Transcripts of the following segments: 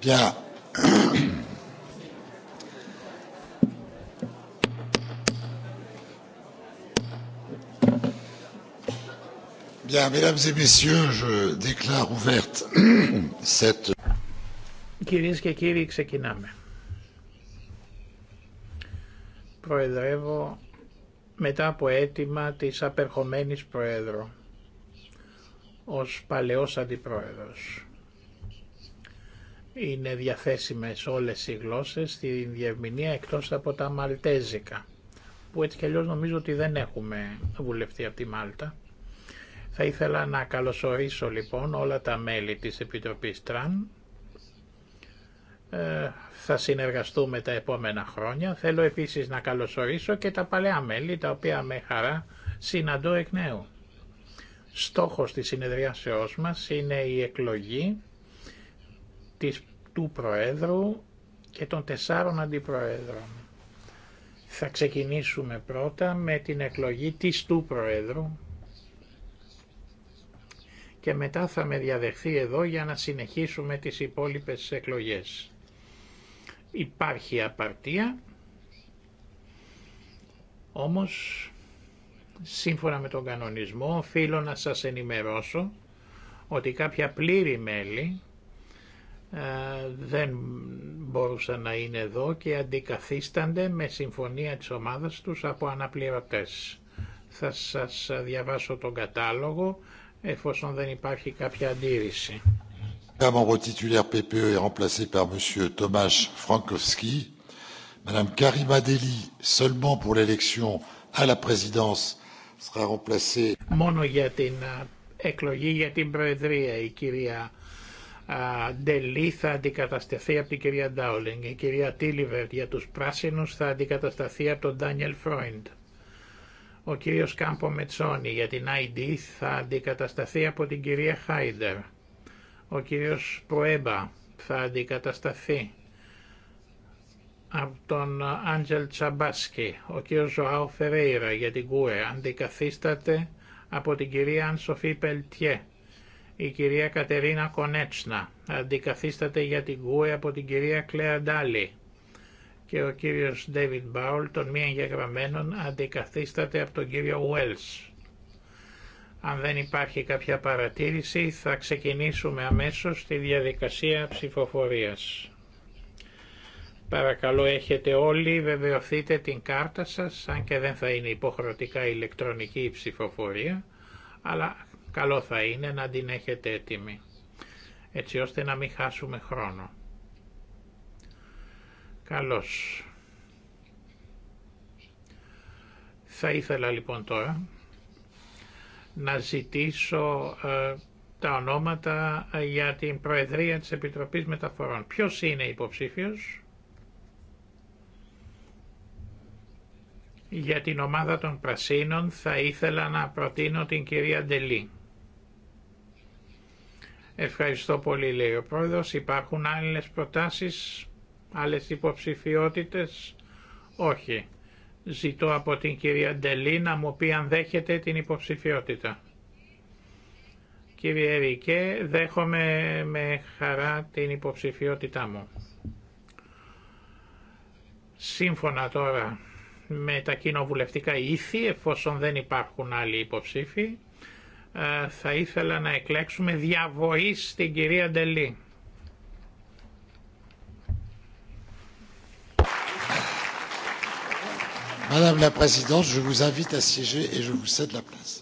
πια. Κυρίες και κύριοι, ξεκινάμε. Προεδρεύω μετά από αίτημα της απερχομένης Προέδρου ως παλαιός αντιπρόεδρος. Είναι διαθέσιμες όλες οι γλώσσες στη διευμηνία εκτός από τα μαλτέζικα, που έτσι κι αλλιώς νομίζω ότι δεν έχουμε βουλευτεί από τη Μάλτα. Θα ήθελα να καλωσορίσω λοιπόν όλα τα μέλη της Επιτροπής Τραν. Ε, θα συνεργαστούμε τα επόμενα χρόνια. Θέλω επίσης να καλωσορίσω και τα παλαιά μέλη, τα οποία με χαρά συναντώ εκ νέου. Στόχος της συνεδριάσεώς μας είναι η εκλογή της, του Προέδρου και των τεσσάρων αντιπροέδρων. Θα ξεκινήσουμε πρώτα με την εκλογή της του Προέδρου και μετά θα με διαδεχθεί εδώ για να συνεχίσουμε τις υπόλοιπες εκλογές. Υπάρχει απαρτία, όμως σύμφωνα με τον κανονισμό οφείλω να σας ενημερώσω ότι κάποια πλήρη μέλη ε, δεν μπορούσαν να είναι εδώ και αντικαθίστανται με συμφωνία της ομάδας τους από αναπληρωτές. Θα σας διαβάσω τον κατάλογο εφόσον δεν υπάρχει κάποια αντίρρηση. membre titulaire PPE est remplacé par M. Tomasz Frankowski. Madame Karima Deli, seulement pour l'élection à la présidence, sera remplacée. Μόνο για την ε, εκλογή για την Προεδρία η κυρία Ντελή θα αντικατασταθεί από την κυρία Ντάουλινγκ. Η κυρία Τίλιβερ για τους πράσινους θα αντικατασταθεί από τον Ντάνιελ Φρόιντ. Ο κύριος Κάμπο Μετσόνη για την ID θα αντικατασταθεί από την κυρία Χάιντερ. Ο κύριος Προέμπα θα αντικατασταθεί από τον Άντζελ Τσαμπάσκι. Ο κύριος Ζωάου Φερέιρα για την ΚΟΕ αντικαθίσταται από την κυρία Αν Πελτιέ η κυρία Κατερίνα Κονέτσνα αντικαθίσταται για την ΚΟΕ από την κυρία Κλέα Ντάλι και ο κύριος Ντέιβιν Μπάουλ των μη εγγεγραμμένων αντικαθίσταται από τον κύριο Ουέλς. Αν δεν υπάρχει κάποια παρατήρηση θα ξεκινήσουμε αμέσως τη διαδικασία ψηφοφορίας. Παρακαλώ έχετε όλοι βεβαιωθείτε την κάρτα σας, αν και δεν θα είναι υποχρεωτικά ηλεκτρονική η ψηφοφορία, αλλά Καλό θα είναι να την έχετε έτοιμη, έτσι ώστε να μην χάσουμε χρόνο. Καλώς. Θα ήθελα λοιπόν τώρα να ζητήσω ε, τα ονόματα ε, για την Προεδρία της Επιτροπής Μεταφορών. Ποιος είναι υποψήφιος για την ομάδα των Πρασίνων θα ήθελα να προτείνω την κυρία Ντελή. Ευχαριστώ πολύ λέει ο πρόεδρος. Υπάρχουν άλλες προτάσεις, άλλες υποψηφιότητες. Όχι. Ζητώ από την κυρία Ντελή να μου πει αν δέχεται την υποψηφιότητα. Κύριε Ερικέ, δέχομαι με χαρά την υποψηφιότητά μου. Σύμφωνα τώρα με τα κοινοβουλευτικά ήθη, εφόσον δεν υπάρχουν άλλοι υποψήφοι, θα ήθελα να εκλέξουμε διαβοή στην κυρία Ντελή. Madame la Présidente, je vous invite à siéger et je vous cède la place.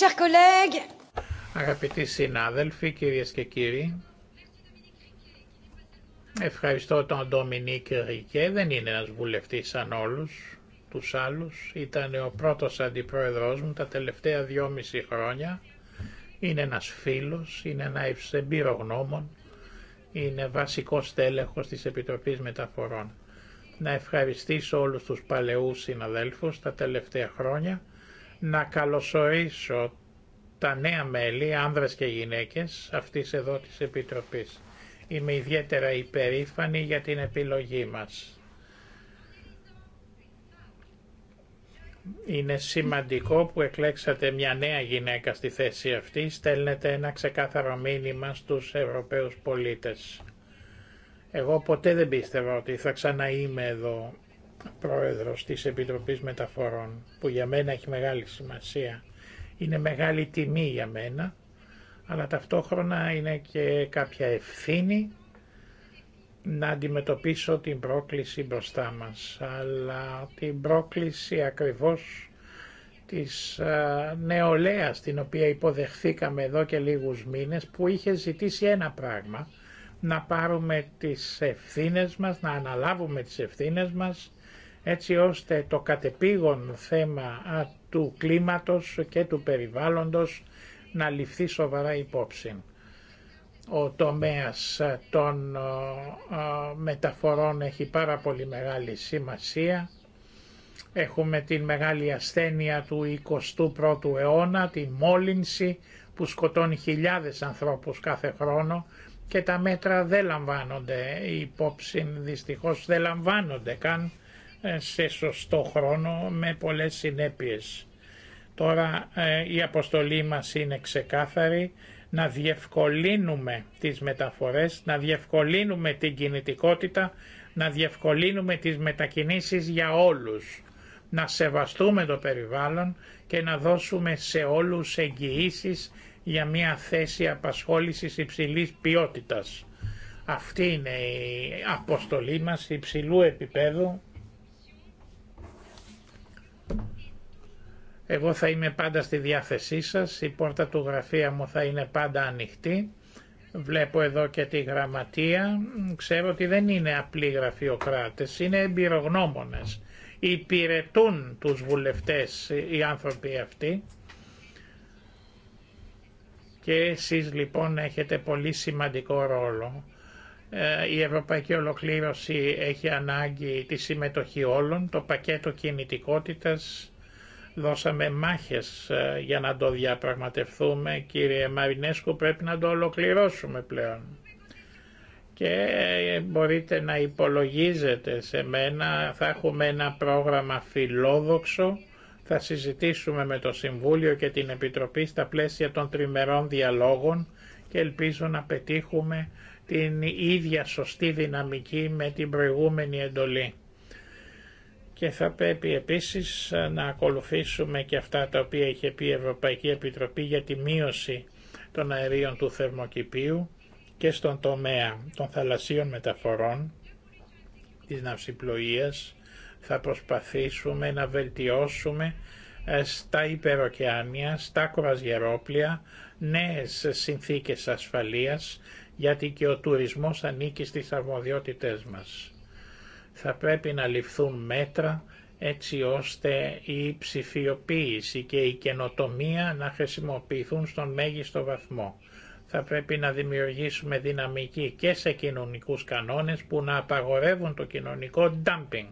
chers collègues. Αγαπητοί συνάδελφοι, κύριε και κύριοι, ευχαριστώ τον Ντομινίκ Ρικέ, δεν είναι ένα βουλευτή σαν όλου, του άλλου. ήταν ο πρώτο αντιπροεδρό μου τα τελευταία δυόμιση χρόνια, είναι ένα φίλο, είναι ένα γνώμων. είναι βασικό τέλεχος τη Επιτροπή Μεταφορών. Να ευχαριστήσω όλου του παλαιού συναδέλφου τα τελευταία χρόνια, να καλωσορίσω τα νέα μέλη, άνδρες και γυναίκες, αυτής εδώ της Επιτροπής. Είμαι ιδιαίτερα υπερήφανη για την επιλογή μας. Είναι σημαντικό που εκλέξατε μια νέα γυναίκα στη θέση αυτή, στέλνετε ένα ξεκάθαρο μήνυμα στους Ευρωπαίους πολίτες. Εγώ ποτέ δεν πίστευα ότι θα ξαναείμαι εδώ πρόεδρος της Επιτροπής Μεταφορών, που για μένα έχει μεγάλη σημασία. Είναι μεγάλη τιμή για μένα, αλλά ταυτόχρονα είναι και κάποια ευθύνη να αντιμετωπίσω την πρόκληση μπροστά μας, αλλά την πρόκληση ακριβώς της νεολαίας την οποία υποδεχθήκαμε εδώ και λίγους μήνες που είχε ζητήσει ένα πράγμα να πάρουμε τις ευθύνες μας, να αναλάβουμε τις ευθύνες μας έτσι ώστε το κατεπήγον θέμα του κλίματος και του περιβάλλοντος να ληφθεί σοβαρά υπόψη. Ο τομέας των μεταφορών έχει πάρα πολύ μεγάλη σημασία. Έχουμε την μεγάλη ασθένεια του 21ου αιώνα, τη μόλυνση που σκοτώνει χιλιάδες ανθρώπους κάθε χρόνο και τα μέτρα δεν λαμβάνονται υπόψη, δυστυχώς δεν λαμβάνονται καν ε, σε σωστό χρόνο με πολλές συνέπειες. Τώρα ε, η αποστολή μας είναι ξεκάθαρη να διευκολύνουμε τις μεταφορές, να διευκολύνουμε την κινητικότητα, να διευκολύνουμε τις μετακινήσεις για όλους, να σεβαστούμε το περιβάλλον και να δώσουμε σε όλους εγγυήσει για μια θέση απασχόλησης υψηλής ποιότητας. Αυτή είναι η αποστολή μας υψηλού επίπεδου εγώ θα είμαι πάντα στη διάθεσή σας, η πόρτα του γραφεία μου θα είναι πάντα ανοιχτή. Βλέπω εδώ και τη γραμματεία, ξέρω ότι δεν είναι απλοί γραφειοκράτες, είναι εμπειρογνώμονες. Υπηρετούν τους βουλευτές οι άνθρωποι αυτοί. Και εσείς λοιπόν έχετε πολύ σημαντικό ρόλο ε, η ευρωπαϊκή ολοκλήρωση έχει ανάγκη τη συμμετοχή όλων, το πακέτο κινητικότητας. Δώσαμε μάχες ε, για να το διαπραγματευτούμε. Κύριε Μαρινέσκου πρέπει να το ολοκληρώσουμε πλέον. Και ε, μπορείτε να υπολογίζετε σε μένα, θα έχουμε ένα πρόγραμμα φιλόδοξο, θα συζητήσουμε με το Συμβούλιο και την Επιτροπή στα πλαίσια των τριμερών διαλόγων και ελπίζω να πετύχουμε την ίδια σωστή δυναμική με την προηγούμενη εντολή. Και θα πρέπει επίσης να ακολουθήσουμε και αυτά τα οποία είχε πει η Ευρωπαϊκή Επιτροπή για τη μείωση των αερίων του θερμοκηπίου και στον τομέα των θαλασσίων μεταφορών της ναυσιπλοείας θα προσπαθήσουμε να βελτιώσουμε ε, στα υπεροκεάνια, στα κρουαζιερόπλια, νέες συνθήκες ασφαλείας γιατί και ο τουρισμός ανήκει στις αρμοδιότητές μας. Θα πρέπει να ληφθούν μέτρα έτσι ώστε η ψηφιοποίηση και η καινοτομία να χρησιμοποιηθούν στον μέγιστο βαθμό. Θα πρέπει να δημιουργήσουμε δυναμική και σε κοινωνικούς κανόνες που να απαγορεύουν το κοινωνικό dumping,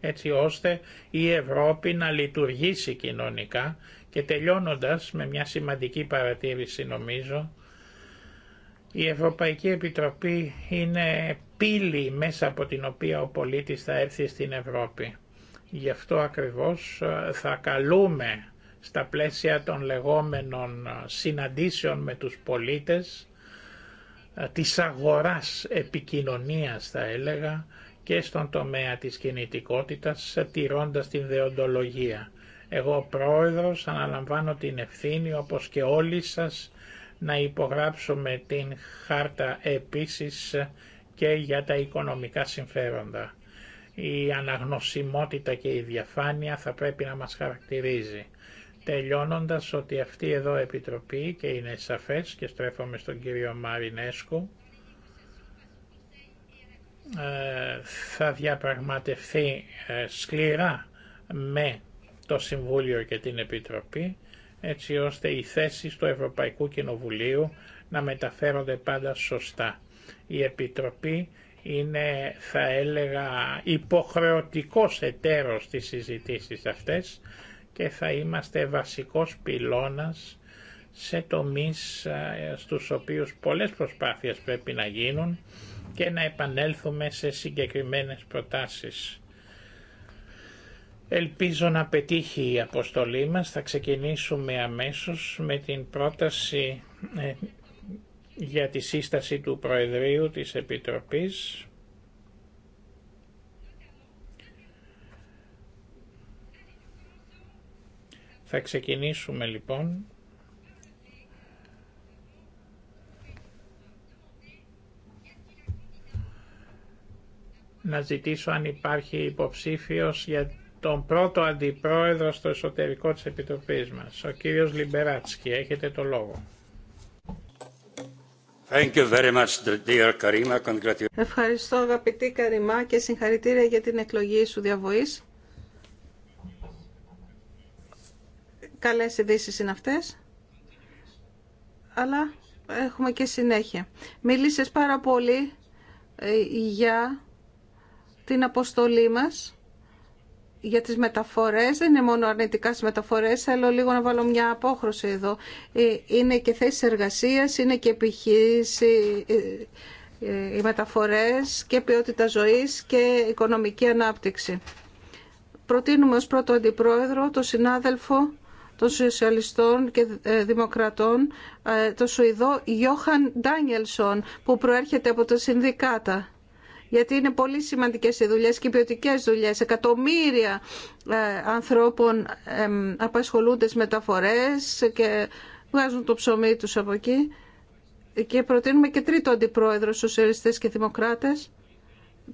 έτσι ώστε η Ευρώπη να λειτουργήσει κοινωνικά και τελειώνοντας με μια σημαντική παρατήρηση νομίζω, η Ευρωπαϊκή Επιτροπή είναι πύλη μέσα από την οποία ο πολίτης θα έρθει στην Ευρώπη. Γι' αυτό ακριβώς ε, θα καλούμε στα πλαίσια των λεγόμενων ε, συναντήσεων με τους πολίτες ε, της αγοράς επικοινωνίας θα έλεγα και στον τομέα της κινητικότητας τηρώντας την δεοντολογία. Εγώ πρόεδρος αναλαμβάνω την ευθύνη όπως και όλοι σας να υπογράψουμε την χάρτα επίσης και για τα οικονομικά συμφέροντα. Η αναγνωσιμότητα και η διαφάνεια θα πρέπει να μας χαρακτηρίζει. Τελειώνοντας ότι αυτή εδώ επιτροπή και είναι σαφές και στρέφομαι στον κύριο Μαρινέσκου ε, θα διαπραγματευτεί ε, σκληρά με το Συμβούλιο και την Επιτροπή έτσι ώστε οι θέσεις του Ευρωπαϊκού Κοινοβουλίου να μεταφέρονται πάντα σωστά. Η Επιτροπή είναι θα έλεγα υποχρεωτικός εταίρος στις συζητήσεις αυτές και θα είμαστε βασικός πυλώνας σε τομείς ε, στους οποίους πολλές προσπάθειες πρέπει να γίνουν και να επανέλθουμε σε συγκεκριμένες προτάσεις. Ελπίζω να πετύχει η αποστολή μας. Θα ξεκινήσουμε αμέσως με την πρόταση ε, για τη σύσταση του Προεδρείου της Επιτροπής. Θα ξεκινήσουμε λοιπόν να ζητήσω αν υπάρχει υποψήφιος για τον πρώτο αντιπρόεδρο στο εσωτερικό της Επιτροπής μας, ο κύριος Λιμπεράτσκι. Έχετε το λόγο. Thank you very much, dear Karima. Ευχαριστώ αγαπητή Καριμά και συγχαρητήρια για την εκλογή σου διαβοής. Καλές ειδήσει είναι αυτές, αλλά έχουμε και συνέχεια. Μίλησες πάρα πολύ ε, για την αποστολή μας για τις μεταφορές, δεν είναι μόνο αρνητικά στις μεταφορές, θέλω λίγο να βάλω μια απόχρωση εδώ. Ε, είναι και θέσεις εργασίας, είναι και επιχείρηση, ε, ε, οι μεταφορές και ποιότητα ζωής και οικονομική ανάπτυξη. Προτείνουμε ως πρώτο αντιπρόεδρο το συνάδελφο των Σοσιαλιστών και Δημοκρατών, το Σουηδό Γιώχαν Ντάνιελσον, που προέρχεται από τα συνδικάτα γιατί είναι πολύ σημαντικές οι δουλειές και οι ποιοτικέ δουλειές. Εκατομμύρια ε, ανθρώπων απασχολούνται στις μεταφορές και βγάζουν το ψωμί τους από εκεί. Και προτείνουμε και τρίτο αντιπρόεδρο σοσιαλιστές και δημοκράτες,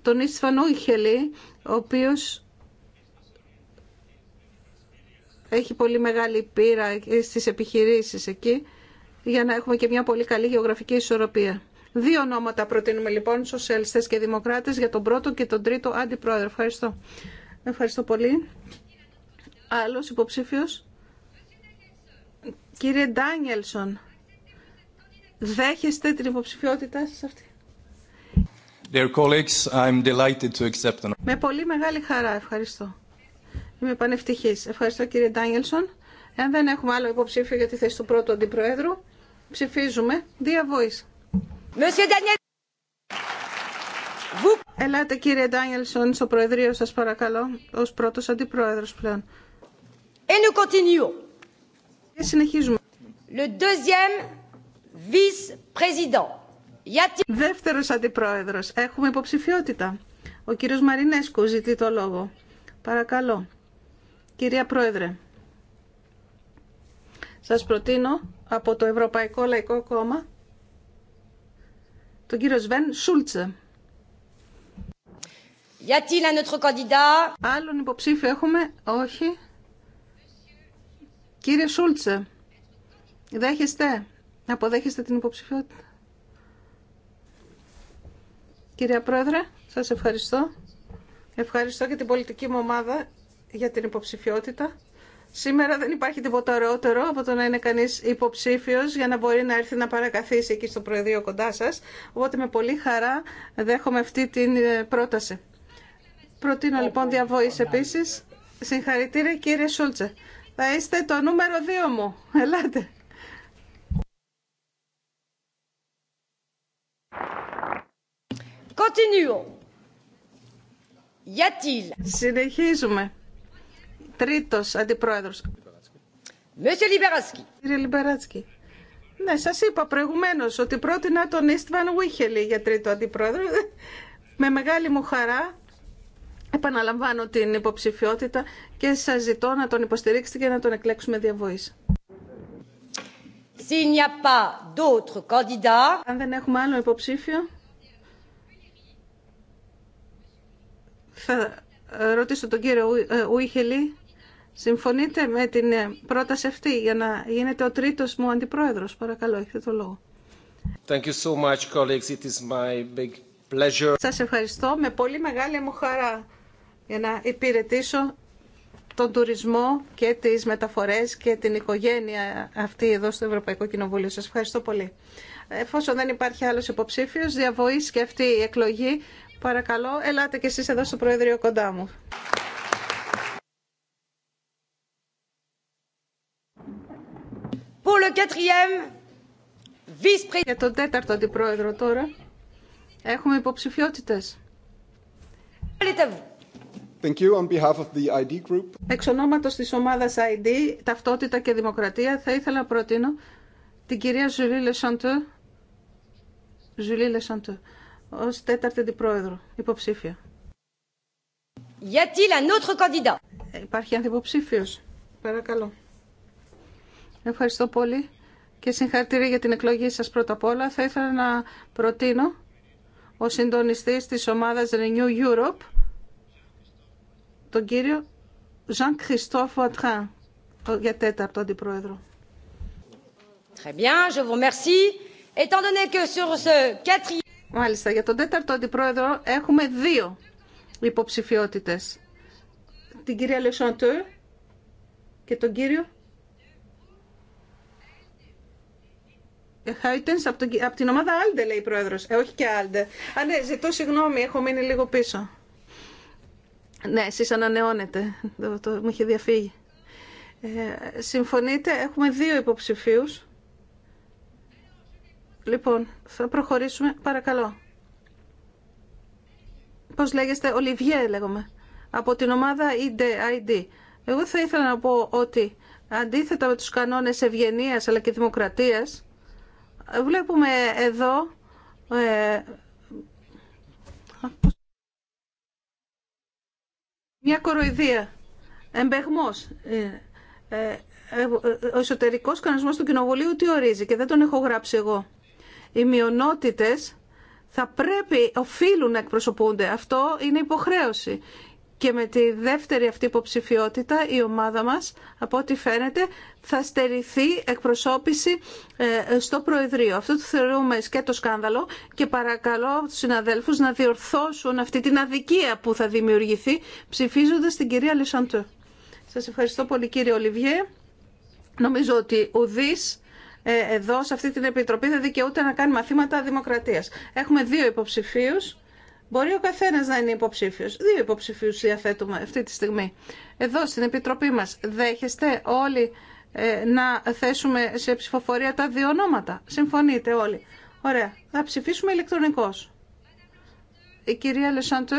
τον Ιστφαν Ιχελή, ο οποίος έχει πολύ μεγάλη πείρα στις επιχειρήσεις εκεί, για να έχουμε και μια πολύ καλή γεωγραφική ισορροπία. Δύο ονόματα προτείνουμε λοιπόν, σοσιαλιστές και δημοκράτες, για τον πρώτο και τον τρίτο αντιπρόεδρο. Ευχαριστώ. Ευχαριστώ πολύ. Άλλος υποψήφιος. Κύριε Ντάνιελσον, δέχεστε την υποψηφιότητά σα. αυτή. Dear colleagues, I'm delighted to accept Με πολύ μεγάλη χαρά, ευχαριστώ. Είμαι πανευτυχής. Ευχαριστώ κύριε Ντάνιελσον. Εάν δεν έχουμε άλλο υποψήφιο για τη θέση του πρώτου αντιπροέδρου, ψηφίζουμε. Δια Ελάτε κύριε Ντάνιελσον στο Προεδρείο σας παρακαλώ, ως πρώτος αντιπρόεδρος πλέον. Et nous Και συνεχίζουμε. Δεύτερος αντιπρόεδρος. Έχουμε υποψηφιότητα. Ο κύριος Μαρινέσκου ζητεί το λόγο. Παρακαλώ. Κυρία Πρόεδρε, σας προτείνω από το Ευρωπαϊκό Λαϊκό Κόμμα τον κύριο Σβέν Σούλτσε. Άλλον υποψήφιο έχουμε. Όχι. Κύριε Σούλτσε, δέχεστε. Αποδέχεστε την υποψηφιότητα. Κυρία Πρόεδρε, σας ευχαριστώ. Ευχαριστώ και την πολιτική μου ομάδα για την υποψηφιότητα. Σήμερα δεν υπάρχει τίποτα ωραιότερο από το να είναι κανείς υποψήφιος για να μπορεί να έρθει να παρακαθίσει εκεί στο Προεδρείο κοντά σας. Οπότε με πολύ χαρά δέχομαι αυτή την ε, πρόταση. Προτείνω λοιπόν διαβόηση επίσης. Συγχαρητήρια κύριε Σούλτσε. Θα είστε το νούμερο δύο μου. Ελάτε. Continuons. Συνεχίζουμε τρίτος αντιπρόεδρος. Κύριε Λιμπεράτσκι. Ναι, σας είπα προηγουμένως ότι πρότεινα τον Ιστβαν Βίχελη για τρίτο αντιπρόεδρο. Με μεγάλη μου χαρά επαναλαμβάνω την υποψηφιότητα και σας ζητώ να τον υποστηρίξετε και να τον εκλέξουμε διαβοής. Αν δεν έχουμε άλλο υποψήφιο, θα ρωτήσω τον κύριο Ουίχελη Συμφωνείτε με την ε, πρόταση αυτή για να γίνετε ο τρίτος μου αντιπρόεδρος. Παρακαλώ, έχετε το λόγο. Thank you so much, colleagues. It is my big pleasure. Σας ευχαριστώ. Με πολύ μεγάλη μου χαρά για να υπηρετήσω τον τουρισμό και τις μεταφορές και την οικογένεια αυτή εδώ στο Ευρωπαϊκό Κοινοβούλιο. Σας ευχαριστώ πολύ. Εφόσον δεν υπάρχει άλλος υποψήφιος, διαβοή και αυτή η εκλογή, παρακαλώ, ελάτε και εσείς εδώ στο Προεδρείο κοντά μου. Για τον τέταρτο αντιπρόεδρο τώρα έχουμε υποψηφιότητες. Thank you on ID Εξ ονόματος της ομάδας ID, Ταυτότητα και Δημοκρατία, θα ήθελα να προτείνω την κυρία Ζουλί Λεσαντού, Ζουλή ως τέταρτη αντιπρόεδρο, υποψήφια. Y a t ε, Υπάρχει Παρακαλώ. Ευχαριστώ πολύ και συγχαρητήρια για την εκλογή σας πρώτα απ' όλα. Θα ήθελα να προτείνω ο συντονιστής της ομάδας Renew Europe, τον κύριο Ζαν Jean-Christophe Ατχά, για τέταρτο αντιπρόεδρο. Μάλιστα, για τον τέταρτο αντιπρόεδρο έχουμε δύο υποψηφιότητες. Την κυρία Λεσοντού και τον κύριο από, την ομάδα Άλντε λέει η πρόεδρος. Ε, όχι και Άλντε. Α, ναι, ζητώ συγγνώμη, έχω μείνει λίγο πίσω. Ναι, εσείς ανανεώνετε. Το, το, μου είχε διαφύγει. Ε, συμφωνείτε, έχουμε δύο υποψηφίους. Λοιπόν, θα προχωρήσουμε. Παρακαλώ. Πώς λέγεστε, Ολιβιέ λέγομαι. Από την ομάδα ID. Εγώ θα ήθελα να πω ότι αντίθετα με τους κανόνες ευγενίας αλλά και δημοκρατίας, Βλέπουμε εδώ ε, μια κοροϊδία, εμπεγμός. Ε, ε, ο εσωτερικός κανονισμός του Κοινοβουλίου τι ορίζει και δεν τον έχω γράψει εγώ. Οι μειονότητες θα πρέπει, οφείλουν να εκπροσωπούνται. Αυτό είναι υποχρέωση. Και με τη δεύτερη αυτή υποψηφιότητα η ομάδα μας, από ό,τι φαίνεται, θα στερηθεί εκπροσώπηση ε, στο Προεδρείο. Αυτό το θεωρούμε και το σκάνδαλο και παρακαλώ τους συναδέλφους να διορθώσουν αυτή την αδικία που θα δημιουργηθεί ψηφίζοντας την κυρία Λισαντού. Σας ευχαριστώ πολύ κύριε Ολιβιέ. Νομίζω ότι ουδής ε, εδώ σε αυτή την Επιτροπή δεν δικαιούται να κάνει μαθήματα δημοκρατίας. Έχουμε δύο υποψηφίους Μπορεί ο καθένα να είναι υποψήφιο. Δύο υποψηφίου διαθέτουμε αυτή τη στιγμή. Εδώ στην Επιτροπή μα δέχεστε όλοι ε, να θέσουμε σε ψηφοφορία τα δύο ονόματα. Συμφωνείτε όλοι. Ωραία. Θα ψηφίσουμε ηλεκτρονικώ. Η κυρία Λεσάντου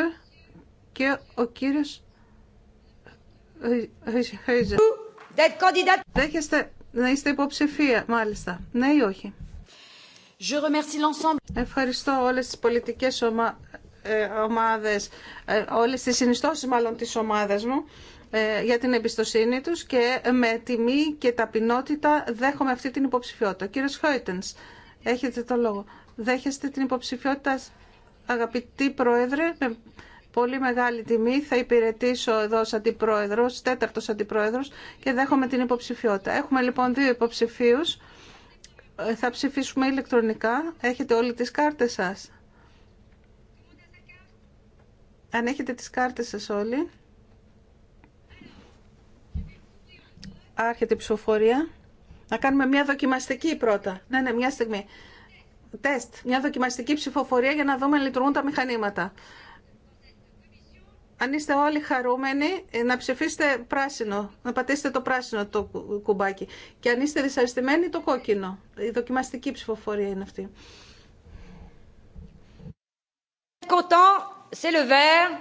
και ο κύριο. Δέχεστε να είστε υποψηφία, μάλιστα. Ναι ή όχι. Ευχαριστώ όλες τις πολιτικές ομάδες. Ε, ομάδες, ε, όλες τις συνιστώσεις μάλλον της ομάδας μου ε, για την εμπιστοσύνη τους και με τιμή και ταπεινότητα δέχομαι αυτή την υποψηφιότητα. Κύριος Χόιτενς, έχετε το λόγο. Δέχεστε την υποψηφιότητα, αγαπητή Πρόεδρε, με πολύ μεγάλη τιμή. Θα υπηρετήσω εδώ ως αντιπρόεδρος, τέταρτος αντιπρόεδρος και δέχομαι την υποψηφιότητα. Έχουμε λοιπόν δύο υποψηφίους. Θα ψηφίσουμε ηλεκτρονικά. Έχετε όλοι τις κάρτες σας. Αν έχετε τις κάρτες σας όλοι. Άρχεται η ψηφοφορία. Να κάνουμε μια δοκιμαστική πρώτα. Ναι, ναι, μια στιγμή. Τεστ. Μια δοκιμαστική ψηφοφορία για να δούμε αν λειτουργούν τα μηχανήματα. Αν είστε όλοι χαρούμενοι, ε, να ψηφίσετε πράσινο, να πατήσετε το πράσινο το κουμπάκι. Και αν είστε δυσαρεστημένοι, το κόκκινο. Η δοκιμαστική ψηφοφορία είναι αυτή c'est le vert.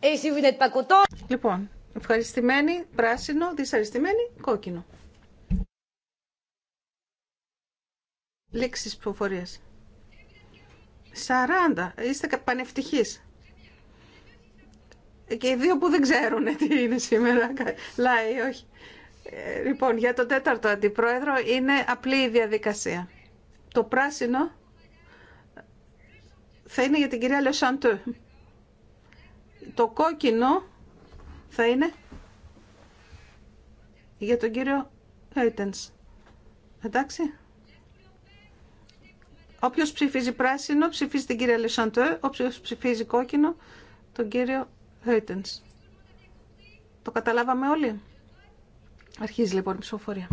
Et Λοιπόν, ευχαριστημένη, πράσινο, δυσαρεστημένη, κόκκινο. Λήξεις ψηφοφορίας. Σαράντα. Είστε πανευτυχείς. Και οι δύο που δεν ξέρουν τι είναι σήμερα, λάει, ε, Λοιπόν, για το τέταρτο αντιπρόεδρο είναι απλή η διαδικασία. Το πράσινο θα είναι για την κυρία Λεσάντου. Το κόκκινο θα είναι για τον κύριο Χέιτενς. Εντάξει. Όποιος ψηφίζει πράσινο, ψηφίζει την κυρία Λεσαντέ. Όποιος ψηφίζει κόκκινο, τον κύριο Χέιτενς. Το καταλάβαμε όλοι. Αρχίζει λοιπόν η ψηφοφορία.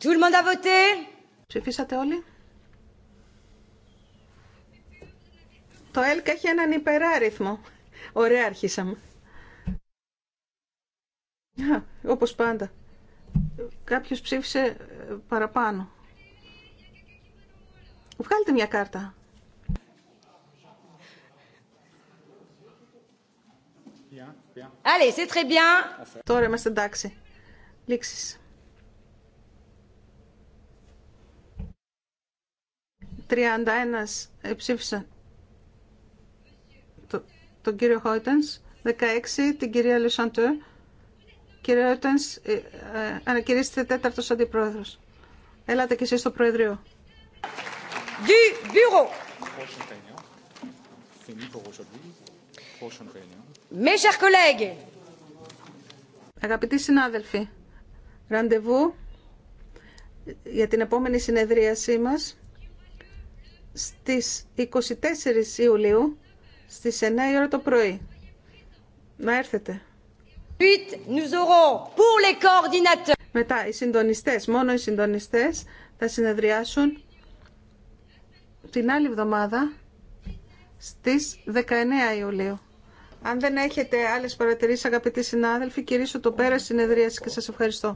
Tout le monde a voté. Ψηφίσατε όλοι. Το ΕΛΚ έχει έναν υπεράριθμο. Ωραία αρχίσαμε. Α, όπως πάντα. Κάποιος ψήφισε ε, παραπάνω. Βγάλτε μια κάρτα. Allez, très bien. Τώρα είμαστε εντάξει. Λήξεις. 31 ε, ψήφισαν το, τον κύριο Χόιτενς, 16 την κυρία Λουσαντουέ. Κύριε Χόιτενς, ε, ε, ανακηρύσσετε τέταρτος αντιπρόεδρος. Έλατε κι εσείς στο Προεδρείο. Γι, Αγαπητοί συνάδελφοι, ραντεβού για την επόμενη συνεδρίασή μας στις 24 Ιουλίου στις 9 η ώρα το πρωί. Να έρθετε. Μετά οι συντονιστές, μόνο οι συντονιστές θα συνεδριάσουν την άλλη εβδομάδα στις 19 Ιουλίου. Αν δεν έχετε άλλες παρατηρήσεις αγαπητοί συνάδελφοι, κηρύσω το πέρα συνεδρίαση και σας ευχαριστώ.